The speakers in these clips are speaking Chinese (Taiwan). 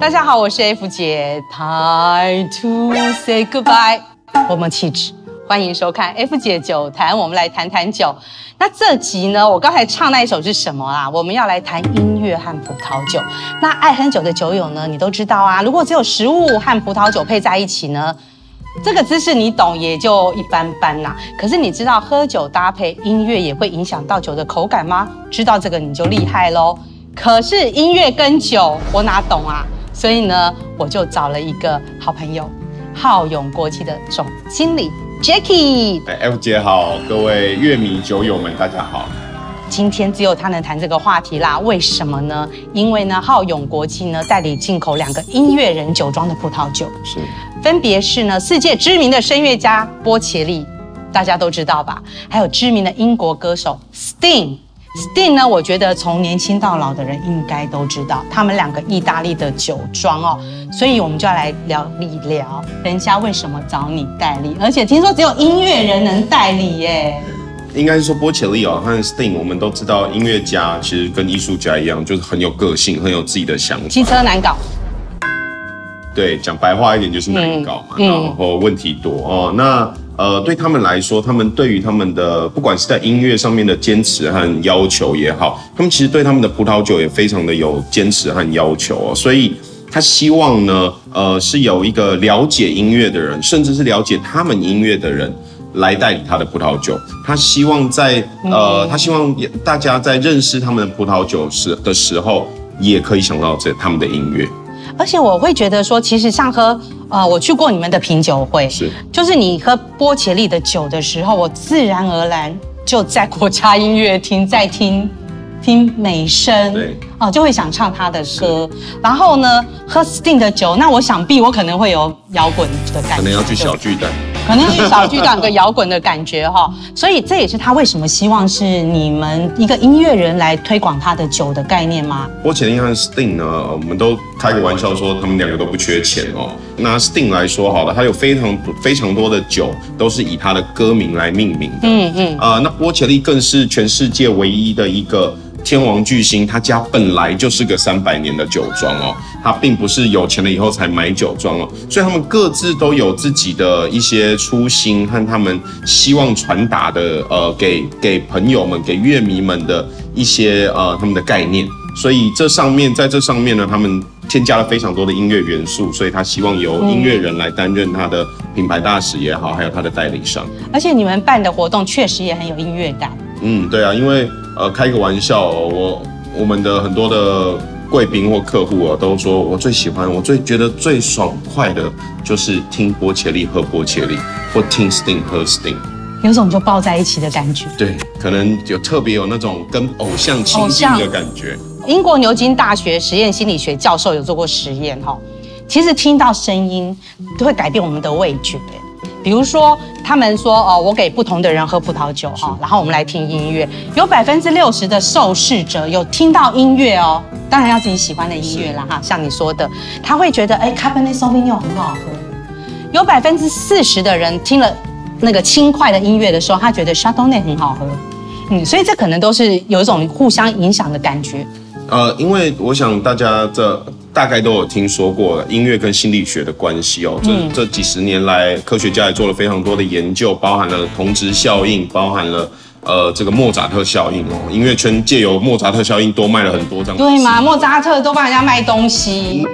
大家好，我是 F 姐。Time to say goodbye。我們氣質。歡迎收看 F 姐酒談。我們來談談酒。那這集呢，我剛才唱那一首是什麼啊？我們要來談音樂和葡萄酒。那愛喝酒的酒友呢，你都知道啊。如果只有食物和葡萄酒配在一起呢，這個姿勢你懂也就一般般啦，啊。可是你知道喝酒搭配音樂也會影響到酒的口感嗎？知道這個你就厲害嘍。可是音樂跟酒，我哪懂啊？所以呢，我就找了一個好朋友，浩永國際的總經理 Jackie。Hey, F 姐好，各位樂迷酒友們，大家好。今天只有他能談這個話題啦，為什麼呢？因為呢，浩永國際呢代理進口兩個音樂人酒莊的葡萄酒，是，分別是呢世界知名的聲樂家波伽利，大家都知道吧？還有知名的英國歌手 Sting。Sting 呢？我覺得從年輕到老的人應該都知道，他們兩個意大利的酒莊哦，所以我們就要來聊一聊，人家為什麼找你代理，而且聽說只有音樂人能代理耶。應該是說波伽利哦和 Sting 我們都知道音樂家其實跟藝術家一樣，就是很有個性，很有自己的想法。汽車難搞。對，講白話一點就是難搞、嗯嗯、然後問題多哦。那。呃，對他們來說，他們對於他們的不管是在音樂上面的堅持和要求也好，他們其實對他們的葡萄酒也非常的有堅持和要求哦。所以，他希望呢，呃，是有一個了解音樂的人，甚至是了解他們音樂的人，來代理他的葡萄酒。他希望在呃，Okay. 他希望大家在認識他們的葡萄酒時的時候，也可以想到這他們的音樂。而且我會覺得說，其實像喝，呃，我去過你們的品酒會，是，就是你喝波伽利的酒的時候，我自然而然就在國家音樂廳在聽，聽美聲。對哦，就會想唱他的歌，是然後呢，喝 Sting 的酒，那我想必我可能會有搖滾的感覺，可能要去小巨蛋的，吧可能要去小巨蛋，兩 個搖滾的感覺哈，哦。所以這也是他為什麼希望是你們一個音樂人來推廣他的酒的概念嗎？波伽利和 Sting 呢，我們都開個玩笑說他們兩個都不缺錢哦。那 Sting 來說好了，他有非常非常多的酒都是以他的歌名來命名的，嗯嗯，啊、嗯呃，那波伽利更是全世界唯一的一個。天王巨星，他家本來就是個三百年的酒莊哦，他並不是有錢了以後才買酒莊哦，所以他們各自都有自己的一些初心和他們希望傳達的呃給給朋友們、給樂迷們的一些呃他們的概念。所以這上面，在這上面呢，他們添加了非常多的音樂元素，所以他希望由音樂人來擔任他的品牌大使也好，還有他的代理商。而且你們辦的活動確實也很有音樂感。嗯，對啊，因為。呃，開個玩笑，我我們的很多的貴賓或客戶啊，都說我最喜歡，我最覺得最爽快的，就是聽波伽利，喝波伽利，或聽 Sting 喝 Sting，有種就抱在一起的感覺。對，可能就特別有那種跟偶像親近的感覺。英國牛津大學實驗心理學教授有做過實驗哈、哦，其實聽到聲音都會改變我們的味覺。比如說，他們說哦，我給不同的人喝葡萄酒哈，哦、是然後我們來聽音樂。有百分之六十的受試者有聽到音樂哦，當然要自己喜歡的音樂啦哈。是像你說的，他會覺得哎 Cabernet Sauvignon 很好喝。有百分之四十的人聽了那個輕快的音樂的時候，他覺得 Chardonnay 很好喝。嗯，嗯，所以這可能都是有一種互相影響的感覺。呃，因為我想大家在。大概都有聽說過了音樂跟心理學的關係哦。這這幾十年來，科學家也做了非常多的研究，包含了同質效應，包含了呃這個莫扎特效應哦、喔。音樂圈借由莫扎特效應多賣了很多張唱片。對嗎？莫扎特都幫人家賣東西。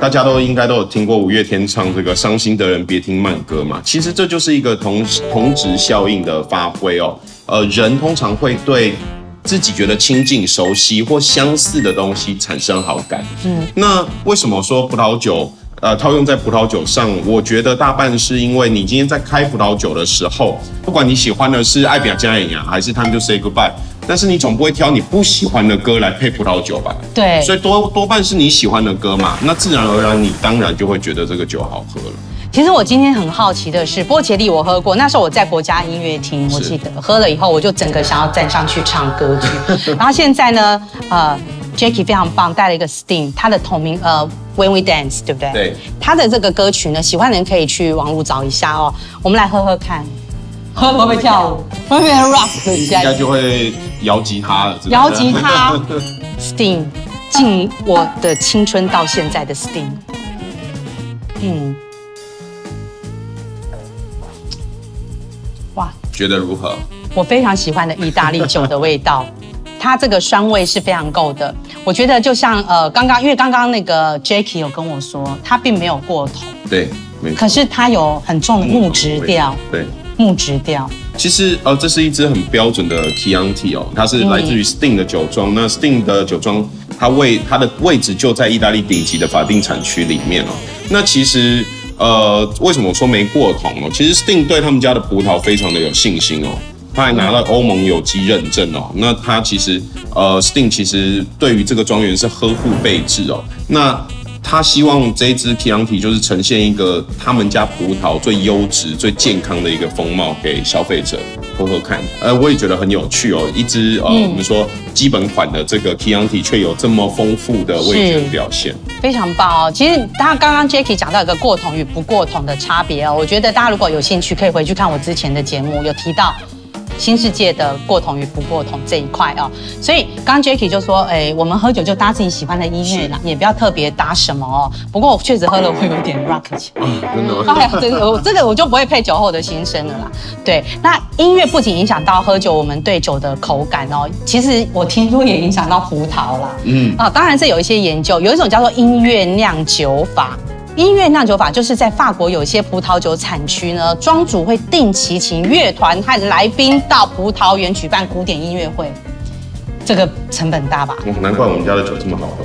大家都應該都有聽過五月天唱這個《傷心的人別聽慢歌》嘛？其實這就是一個同同質效應的發揮哦。呃，人通常會對，自己覺得親近、熟悉或相似的東西產生好感。嗯，那為什麼說葡萄酒？呃，套用在葡萄酒上，我覺得大半是因為你今天在開葡萄酒的時候，不管你喜歡的是愛拼才會贏呀，還是 Time to say goodbye，但是你總不會挑你不喜歡的歌來配葡萄酒吧？對，所以多多半是你喜歡的歌嘛，那自然而然你當然就會覺得這個酒好喝了。其實我今天很好奇的是，波伽利我喝過，那時候我在國家音樂廳，我記得喝了以後，我就整個想要站上去唱歌曲。然後現在呢，呃，Jackie 非常棒，帶了一個 Sting 他的同名呃 When We Dance，對不對？對。他的這個歌曲呢，喜歡的人可以去網絡找一下哦。我們來喝喝看，喝會不會跳舞？會不會 Rock？應該就會搖吉他了，知道嗎？搖吉他 Sting 進我的青春到現在的 Sting 嗯。覺得如何？我非常喜歡的意大利酒的味道， 它這個酸味是非常夠的。我覺得就像呃，剛剛因為剛剛那個 Jackie 有跟我說，它並沒有過頭，對，沒錯。可是它有很重木質調，對，木質調。其實哦，這是一支很標準的 Chianti 哦，它是來自於 Sting 的酒莊。嗯、那 Sting 的酒莊，它位它的位置就在意大利頂級的法定產區裡面哦。那其實。呃，為什麼我說沒過桶哦？其實 Sting 對他們家的葡萄非常的有信心哦，他還拿了歐盟有機認證哦。那他其實，呃，Sting 其實對於這個莊園是呵護備至哦。那。他希望這一支 Chianti 就是呈現一個他們家葡萄最優質、最健康的一個風貌給消費者喝喝看。呃，我也覺得很有趣哦，一支呃，嗯、我們說基本款的這個 Chianti 卻有這麼豐富的味覺表現，非常棒哦。其實他剛剛 Jackie 講到一個過桶與不過桶的差別哦，我覺得大家如果有興趣，可以回去看我之前的節目，有提到，新世界的過桶與不過桶這一塊哦，所以剛剛 Jackie 就說，哎、欸，我們喝酒就搭自己喜歡的音樂啦，嗯、也不要特別搭什麼哦。不過我確實喝了會有點 rock、嗯。真的嗎？哎呀，這我這個我就不會配酒後的心聲了啦。對，那音樂不僅影響到喝酒，我們對酒的口感哦，其實我聽說也影響到葡萄啦。嗯啊，當然是有一些研究，有一種叫做音樂釀酒法。音樂釀酒法就是在法國有些葡萄酒產區呢，莊主會定期請樂團和來賓到葡萄園舉辦古典音樂會。這個成本大吧？哦，難怪我們家的酒這麼好喝。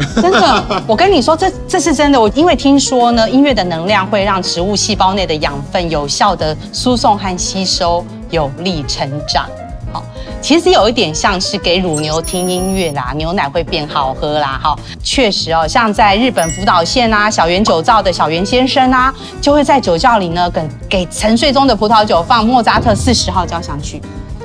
真的，我跟你說，這這是真的。我因為聽說呢，音樂的能量會讓植物細胞內的養分有效的輸送和吸收，有利成長。好。其實有一點像是給乳牛聽音樂啦，牛奶會變好喝啦。哈，確實哦，像在日本福島縣啊，小原酒造的小原先生啊，就會在酒窖裡呢，給給沉睡中的葡萄酒放莫扎特四十號交響曲，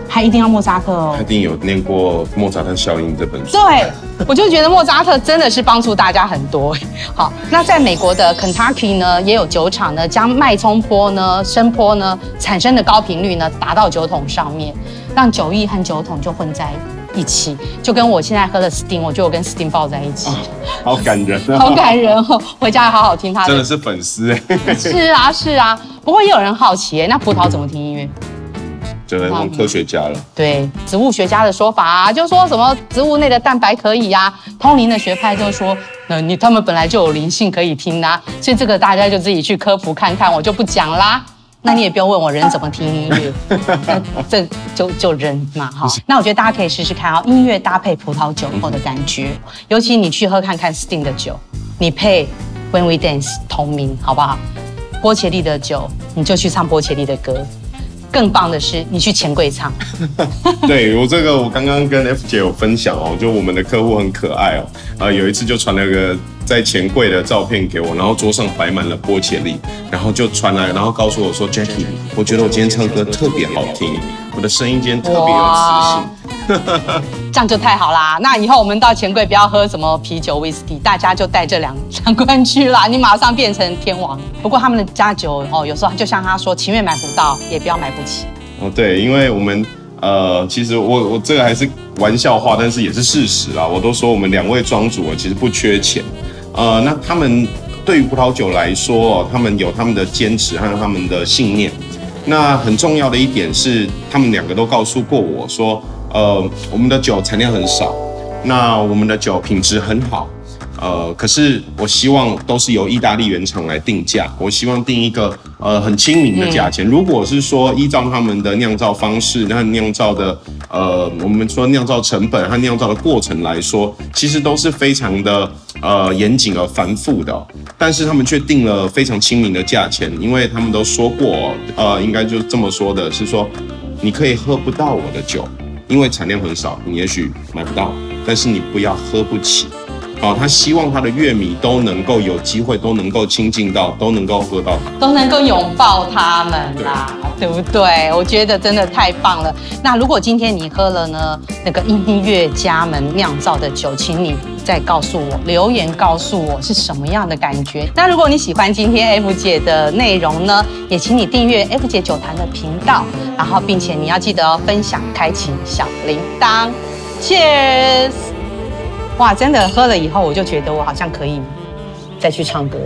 還一定要莫扎特哦，他一定有念過莫扎特效應這本書。對， 我就覺得莫扎特真的是幫助大家很多。好，那在美國的 Kentucky 呢，也有酒廠呢，將脈衝波呢、聲波呢產生的高頻率呢，打到酒桶上面。讓酒意和酒桶就混在一起，就跟我現在喝的 Sting，我就跟 Sting 抱在一起，啊、好感人、啊， 好感人哦！回家好好聽他的，真的是粉絲哎， 是啊是啊。不過也有人好奇哎，那葡萄怎麼聽音樂？就得問科學家了。對，植物學家的說法、啊，就說什麼植物內的蛋白可以呀、啊。通靈的學派就說，那你他們本來就有靈性可以聽啊。所以這個大家就自己去科普看看，我就不講啦。那你也不要問我人怎麼聽音樂，那這就就人嘛哈。那我覺得大家可以試試看啊、哦，音樂搭配葡萄酒後的感覺，嗯、哼尤其你去喝看看 Sting 的酒，你配 When We Dance 同名好不好？波伽利的酒，你就去唱波伽利的歌。更棒的是，你去錢櫃唱。 對我這個，我剛剛跟 F 姐有分享哦，就我們的客戶很可愛哦，啊、呃，有一次就傳了個在錢櫃的照片給我，然後桌上擺滿了波伽利，然後就傳來，然後告訴我說我 Jackie，我覺得我今天唱歌特別好聽，我的聲音今天特別有磁性。 這樣就太好啦！那以後我們到錢櫃不要喝什麼啤酒、威士忌，大家就帶這兩兩罐去啦。你馬上變成天王。不過他們的家酒哦，有時候就像他說，情願買不到，也不要買不起。哦，對，因為我們呃，其實我我這個還是玩笑話，但是也是事實啊。我都說我們兩位莊主啊，其實不缺錢。呃，那他們對於葡萄酒來說，他們有他們的堅持和他們的信念。那很重要的一點是，他們兩個都告訴過我說。呃，我們的酒產量很少，那我們的酒品質很好，呃，可是我希望都是由意大利原廠來定價，我希望定一個呃很親民的價錢。嗯、如果是說依照他們的釀造方式和釀造的呃，我們說釀造成本和釀造的過程來說，其實都是非常的呃嚴謹而繁複的，但是他們卻定了非常親民的價錢，因為他們都說過，呃，應該就這麼說的，是說你可以喝不到我的酒。因為產量很少，你也許買不到，但是你不要喝不起。哦，他希望他的樂迷都能夠有機會，都能夠親近到，都能夠喝到，都能夠擁抱他們啦，對，對不對？我覺得真的太棒了。那如果今天你喝了呢，那個音樂家們釀造的酒，請你再告訴我，留言告訴我是什麼樣的感覺。那如果你喜歡今天 F 姐的內容呢，也請你訂閱 F 姐酒罈的頻道，然後並且你要記得要分享，開啟小鈴鐺。Cheers。哇，真的喝了以後，我就覺得我好像可以再去唱歌。